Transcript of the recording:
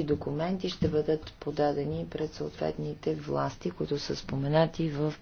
всички документи ще бъдат подадени пред съответните власти, които са споменати в